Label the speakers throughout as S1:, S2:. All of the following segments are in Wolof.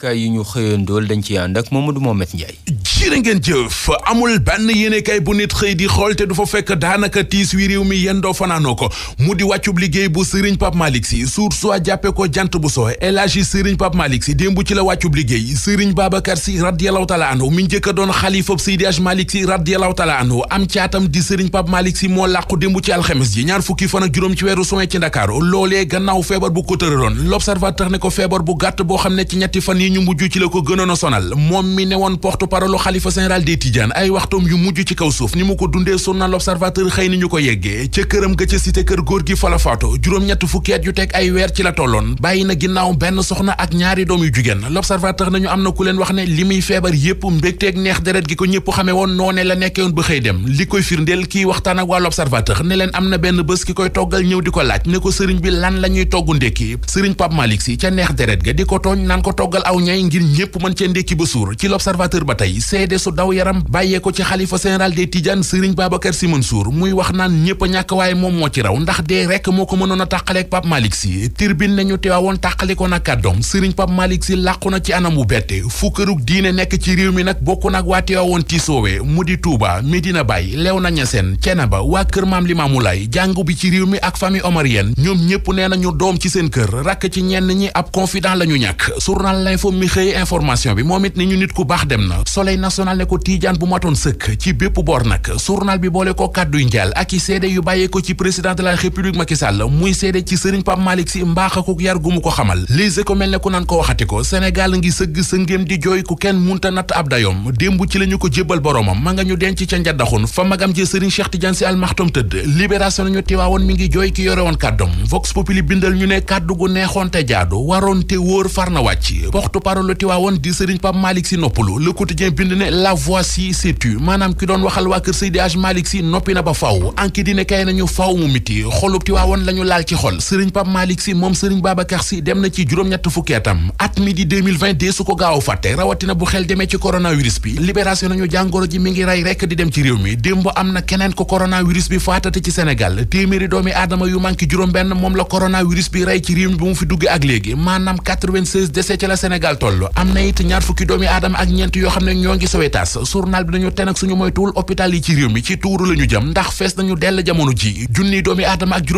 S1: kaay yi ñu dool dañ ci ànd ak Mamadou Mouhamed Ndiaye jërë ngeen jëf amul benn yéenekaay bu nit xëy di xool te du fa fekk daanaka tiis wi mi yendoo fanaanoo ko mu di wàccub liggéey bu Serigne Pape Malick Sy suur soi jàppe ko jant bu soowe El Hadji Serigne Pape Malick Sy démb ci la wàccub liggéey Serigne Babacar Sy radiyallahu mi njëkk a doon xalifab Seydi Hadji Malick Sy radiyallahu am caatam di Serigne Pape Malick Sy moo làqu démb ci alxames ji ñaar fukki fan ak juróom ci weeru sowe ci Ndakaaru loolee boo xam ne ci ñetti fan yi ñu xalifa général des Tidianes ay waxtoom yu mujj ci kaw suuf ni mu ko dundee journal L'Observateur xëy ni ñu ko yeggee ca ga ca cité kër góor gi fa la juróom-ñett fukki at yu teg weer ci la tolloon bàyyi na ginnaaw benn soxna ak ñaari doom yu jigéen L'Observateur nañu am na ku leen wax ne li muy feebar yépp mbégteeg neex deret gi ko ñëpp xamee woon noone la nekkewoon ba xëy dem li koy firndeel kii waxtaan ak waa L'Observateur ne leen am na benn bés ki koy toggal ñëw di ko laaj ne ko sëriñ bi lan la ñuy togg ndékki sëriñ Pape Malick si ca neex deret ga di ko tooñ naan ko toggal aw ñay ngir ñëpp mën ca ndékki ba suur ci L'Observateur ba tey seede su daw yaram bàyyee ko ci khalifa général des Tidianes Serigne Babacar Sy Mansour muy wax naan ñëpp a ñàkk waaye mo moo ci raw ndax dee rek moo ko mënoon a tàqaleeg Pape Malick Serigne ci anam wu bette fu kërug diine nekk ci réew mi nag bokk nag waa teewaawoon tiisoowee mu di Touba Medina Baye Léona Niassène Thiénaba waa kër Maam Limaamu Laay jàngu bi ci réew mi ak famille omarienne ñoom ñëpp nee nañu ci seen kër rakk ci ñenn ñi ab confident la ñu journal L'Info mi information bi moom ni ñu nit ku dem na Soleil national ne ko tiijaan bu matoon sëkk ci bépp boor nag journal bi boole ko kàdduy njaal ak i seede yu bàyyee ko ci président de la république Macky muy seede ci sëriñ Pape Malick Sy mbaax ak yar gu mu ko xamal lise ko mel ne ku naan ko waxati ko Sénégal ngi sëgg sëngéem di jooy ku kenn munta natt ab dayoom démb ci la ñu ko jébbal boromam ma nga ñu denc ca njaddaxun fa magam ji sëriñ Cheikh Tidiane Sy Al Maktoum tëdd libération nañu tiwaawoon mi ngi jooy ki yore woon kàddoom vox populi bindal ñu ne kàddu gu neexoon te jaadu waroon te wóor far na wàcc porte parole tiwaawoon di sëriñ Pape Malick Sy noppalu le quotidien bind ne la voici c'est tu maanaam ki doon waxal waa kër Seydi Hadj Malick Sy noppi na ba faw enquête dina kay nañu faw mu miti xolub Tiwaawoon la ñu laal ci xol Serigne Pape Malick Sy moom Serigne Babacar Sy dem na ci juróom-ñett fukki at mi di dee su ko gaaw a fàtte rawatina bu xel demee ci coronavirus bi libération nañu jàngoro ji mi ngi rey rekk di dem ci réew mi démb am na keneen ko coronavirus bi faatate ci Sénégal téeméeri doomi aadama yu manqué juróom-benn moom la coronavirus bi rey ci réew mi bi mu fi duggee Sowetas journal bi nañu ten ak suñu moytuwul hôpital yi ci réew mi ci tuuru la ñu jëm ndax fees nañu dell jamono ji junniy doomi aadama ak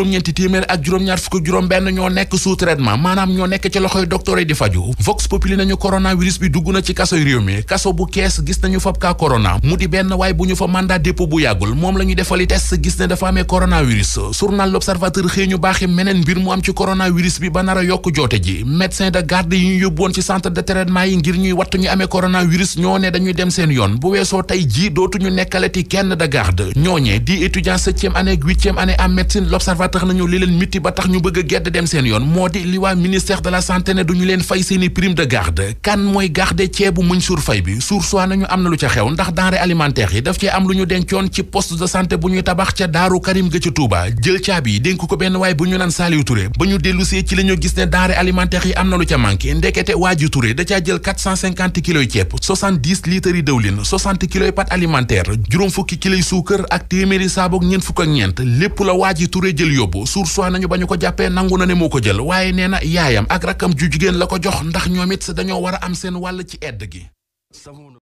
S1: benn ñoo nekk sous traitement maanaam ñoo nekk ci loxoy docteur yi di faju vox populi nañu coronavirus bi dugg na ci kasoy réew mi kaso bu kees gis nañu fab kaa corona mu di benn waay bu ñu fa mandat dépôt bu yàggul moom la ñu defali test gis ne dafa amee coronavirus journal l'observateur xëy ñu baaxi ñu yóbbu woon dem seen yoon bu weesoo tey jii dootuñu nekkalati kenn de garde ñooñee di étudiant septième année ak huitième année en médecine l'observateur nañu li leen mitti ba tax ñu bëgg a gedd dem seen yoon moo di li waa ministère de la santé ne duñu leen fay seeni prime de garde kan mooy garde ceebu Mansour Faye bi suur soi nañu am na lu ca xew ndax denrée alimentaire yi daf cee am lu ñu yoon ci poste de santé bu ñuy tabax ca Daaru Karim ga ca Touba jël caabi yi dénk ko benn waaye bu ñu naan Saliou Touré ba ñu dellusee ci la gis ne denrée alimentaire yi am na lu ca manqué ndekete waa ji Touré da caa jël 450 kilos yi ceeb 70 litres litre dëwlin 60 kiloy pâte alimentaire juróom fukki kiloy suukar ak téeméeri saabook ñeent fukk ñeent lépp la waa ji Touré jël yóbbu suur nañu ba ñu ko jàppee nangu na ne moo ko jël waaye nee na yaayam ak rakkam ju jigéen la ko jox ndax ñoom it dañoo war am seen wàll ci edd gi